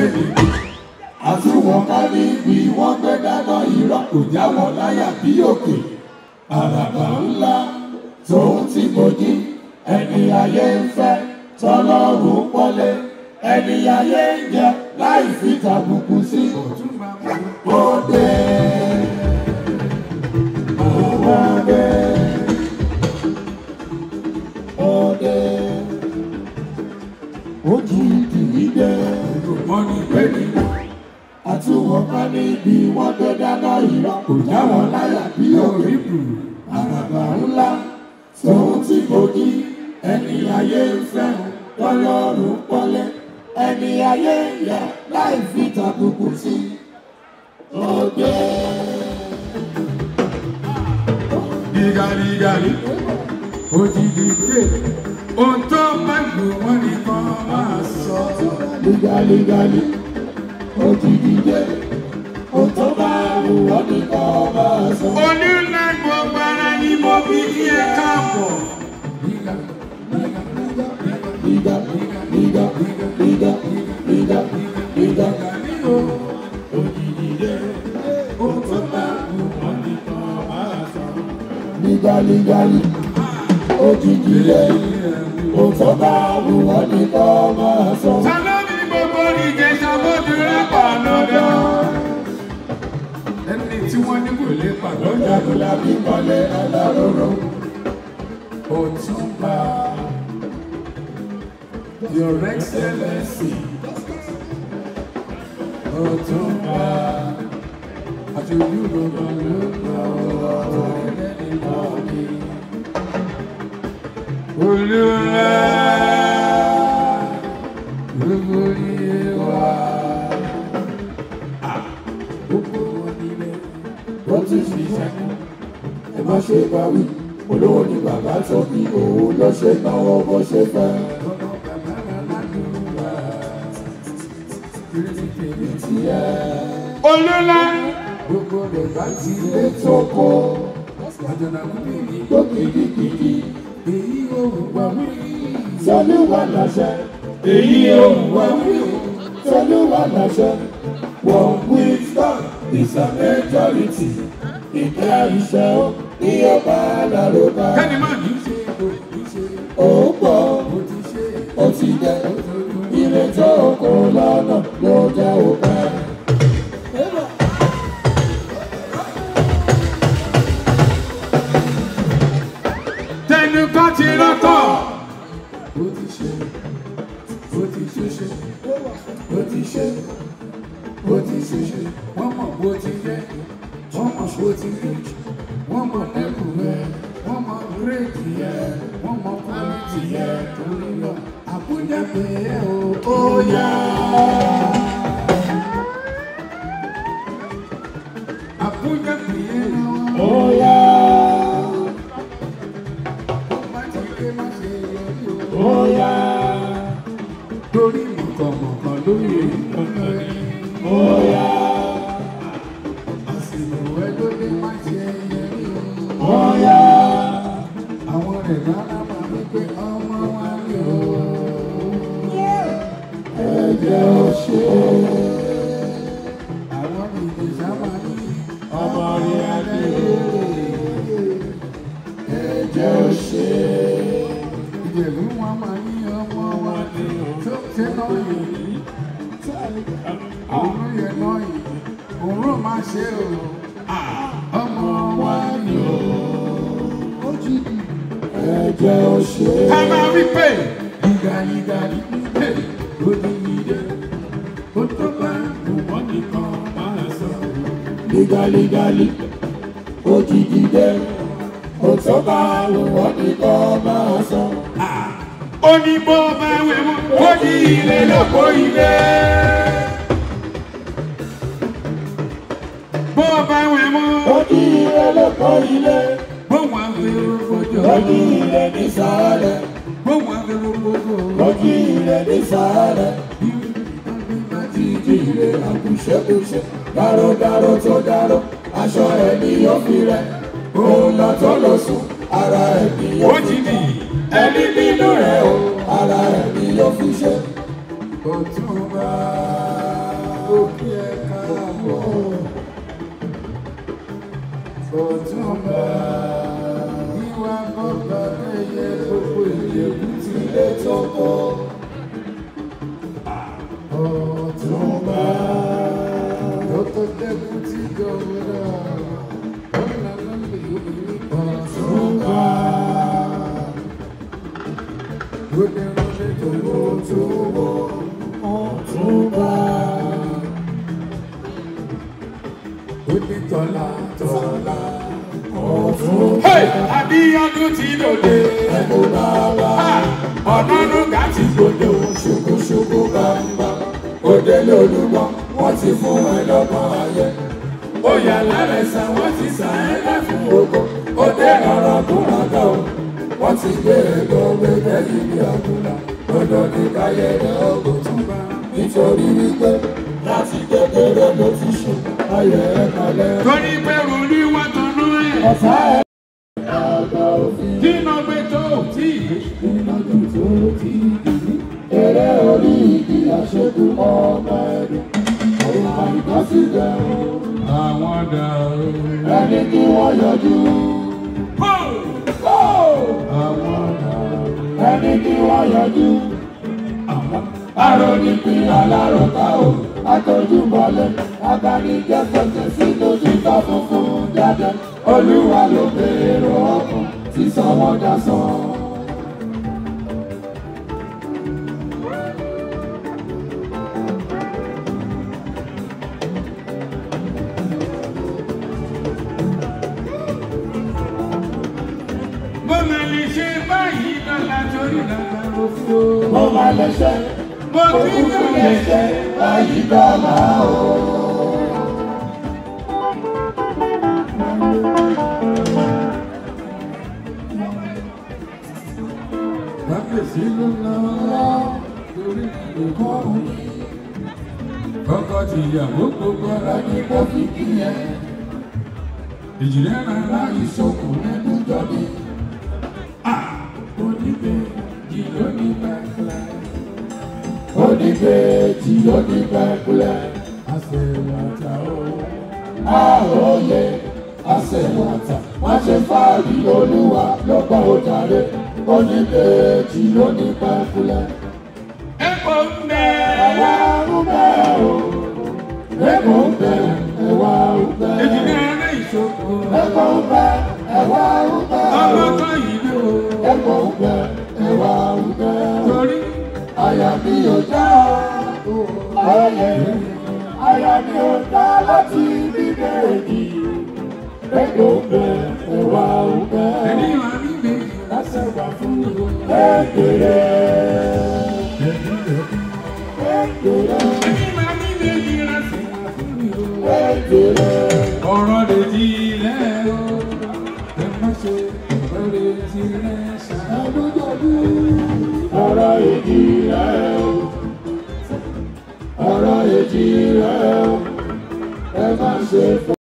fèmí. àsùnwọ̀n kárí ibi wọ́n gbé dáná irọ́ kò jáwọ́ láyà bí òkè. àràbà ńlá tòun ti gbòdì ẹni ayé ń fẹ́ tọ́lọ́run pọ́lé ẹni ayé ń jẹ láì fi tàbùkù sí. ó dé. wọ́n bá ní ibi wọ́n tó dáná ìrọ́ kò já wọn láyà bí òkè bù àràbà ńlá sóhun tí kò kí ẹni ayé ń fẹ́ràn tọ́lọ́run pọ́lẹ́ ẹni ayé ń yà láì fi tàbùkù sí ọgbẹ́. Gígarígarí, òjijì dé, ohun tó máa gbò wọ́n nìkan máa sọ. Gígarígarí ti dìde kò tó bá wù ọ́ ní kò bá sọ. onílé gbogbo ara ni mo fi kí ẹ káàbọ̀. Bíga bíga bíga bíga bíga bíga òjìjìdé kò tó bá wù ọ́ ní kò bá sọ. Bíga bíga òjìjìdé kò tó bá wù ọ́ ní kò bá sọ ẹni tí wọ́n ní kò lépa lọ́dọ̀ ló la fi kọ́lé aláróró. Your Excellency Òtúnba àti ojúbọ balùwà ọ̀rọ̀ ẹ̀dẹ́gbẹ̀rún. Olúwa. ti fi sẹ́kù. ẹ má ṣe bá wí olówó ni bàbá tó bí òun lọ́ṣẹ́ táwọn ọmọ ṣe fẹ́. olólá gbogbo rẹ̀ bá ti lé tọkọ gbọ́ gidigidi èyí ò wá wí. sọ́lé wà láṣẹ èyí ò wá wí. sọ́lé wà láṣẹ wọ́n wí tán is a majority ìfẹ́ àìṣẹ́ ó ní ọba alárọ̀bá. kẹ́ni máa ní. ó pọ̀ ó ti jẹ́ ìrètí oko lọ́nà ló jẹ́ òkè. tẹnu ti rọ́kọ̀. ó ti ṣe ó ti ṣe ṣe ó ti ṣe ó ti ṣe ṣe wọ́n mọ̀ bó ti jẹ́ ṣó ti dé wọ́n mọ lẹ́kù rẹ wọ́n mọ gírèdì yẹ wọ́n mọ kọ́lẹ́tì yẹ torí lọ àbújá pé ẹ o ó yá. àbújá pé ẹ o oh yeah. Oh yeah. torí mọ̀kànmọ̀kàn lóye ìkànnì ó yá. má ṣe o ọmọ wa ni o ẹ̀jẹ̀ ò ṣe é. ká máa wí pé yígayíga ni pé oníyíde ó tó bá ìwọ́n nìkan máa sọ. lígalígalí òjijì dé òtọ́ bá ìwọ́n nìkan máa sọ onígbó ah. bá wẹ̀wọ̀ ó di ilé lóko ilé. bó o bá wẹ̀ mú. ó di ilé lóko ilé. bó wọn fi rúgbòjò. ó di ilé ní sàárẹ̀. bó wọn fi rúgbòjò. ó di ilé ní sàárẹ̀. àti ìdí ilé àkùṣẹ́kùṣẹ́ gárògárò tó gárò aṣọ ẹni yóò fi rẹ̀ òun lọ tó lọ sùn ara ẹni yóò fi rẹ̀ ẹni nínú rẹ̀ o ara ẹni yóò fi ṣe. òtún bá òkè. Ọ̀túnba ìwà bọ́gbà kẹyẹ gbogbo ìyẹ̀kú ti lé tọ́kọ. Ọ̀túnba lọ́tọ̀ dẹ́kun ti dọ̀wọ́dà. Ọ̀túnba lóde rọ́lẹ́ tó wọ́ tó wọ́ Ọ̀túnba. Abíọ́dún ti lòdè. Ẹ̀kú ah! bàbá. Ọ̀nàdún gà ti gbòde òun ṣokoṣoko bàbá. Òde lólúmọ, wọ́n ti fún ẹ lọ́gbọ́n ayẹ. Oyà lárẹ̀sà, wọ́n ti sàn ẹ́ lẹ́fún oko. Òde ọ̀rọ̀ kúrọ̀dọ̀ o. Wọ́n ti gbé ẹ̀gbọ́n gbẹgbẹ́ ìlú àbúrò. Lọ́dọ̀ ní káyẹ̀dẹ̀ ọ̀gbọ̀n tún bá. Nítorí wípé láti kékeré ló ti ṣe ayẹyẹ kalẹ̀. Torí pé rúlí wọ́n tọ́nú ẹ̀ àgbà òfin. dínà gbẹjọ òtí ìwé. dínà gbẹjọ òtí ìdí. eré orí ìdí àṣekù ọmọ ẹni. ọ̀rọ̀ àìbá sì dẹ̀ o. àwọn dà o. ẹni kí wọ́n yọjú. àwọn dà o. ẹni kí wọ́n yọjú. àròyìn pín alárọ̀ká o. àtọ́jú bọ́lẹ̀ abánijẹ́ sọ̀tẹ̀ sínú òrùka funfun jáde olúwa ló bèrò ọkàn tí sanwó dá san. Mo máa lè ṣe, mo ti ń lè báyìí dọ́là o. kábíyèsí ló náà lórí ìkọ́ òun. ọkọ tìyàwó gbogbo ara ní kófí kíyẹn. ìjìnlẹ̀ rárá ìṣòkò mẹ́nu jọ́bí. oníbejì oníbejì lóní pàkúlẹ̀. Epo ń bẹ. Ẹ̀wà ń bẹ o. Epo ń bẹ. Ẹ̀wà ń bẹ. Èjìdé eré ìṣòro. Epo ń bẹ. Ẹ̀wà ń bẹ o. Ọmọ kan yìí ló. Epo ń bẹ. Ẹ̀wà ń bẹ o. Torí. Àyà mi ò já o. Ayẹyẹ mi. Àyà mi ò já láti bíbélì. Epo ń bẹ. Ẹ̀wà ń bẹ ọ̀rọ̀ lè di ilẹ̀ o ẹ má ṣe ọ̀rọ̀ lè di ilẹ̀ ṣàbọ̀dọ̀dọ̀ ọ̀rọ̀ lè di ilẹ̀ o ọ̀rọ̀ lè di ilẹ̀ o ẹ má ṣe.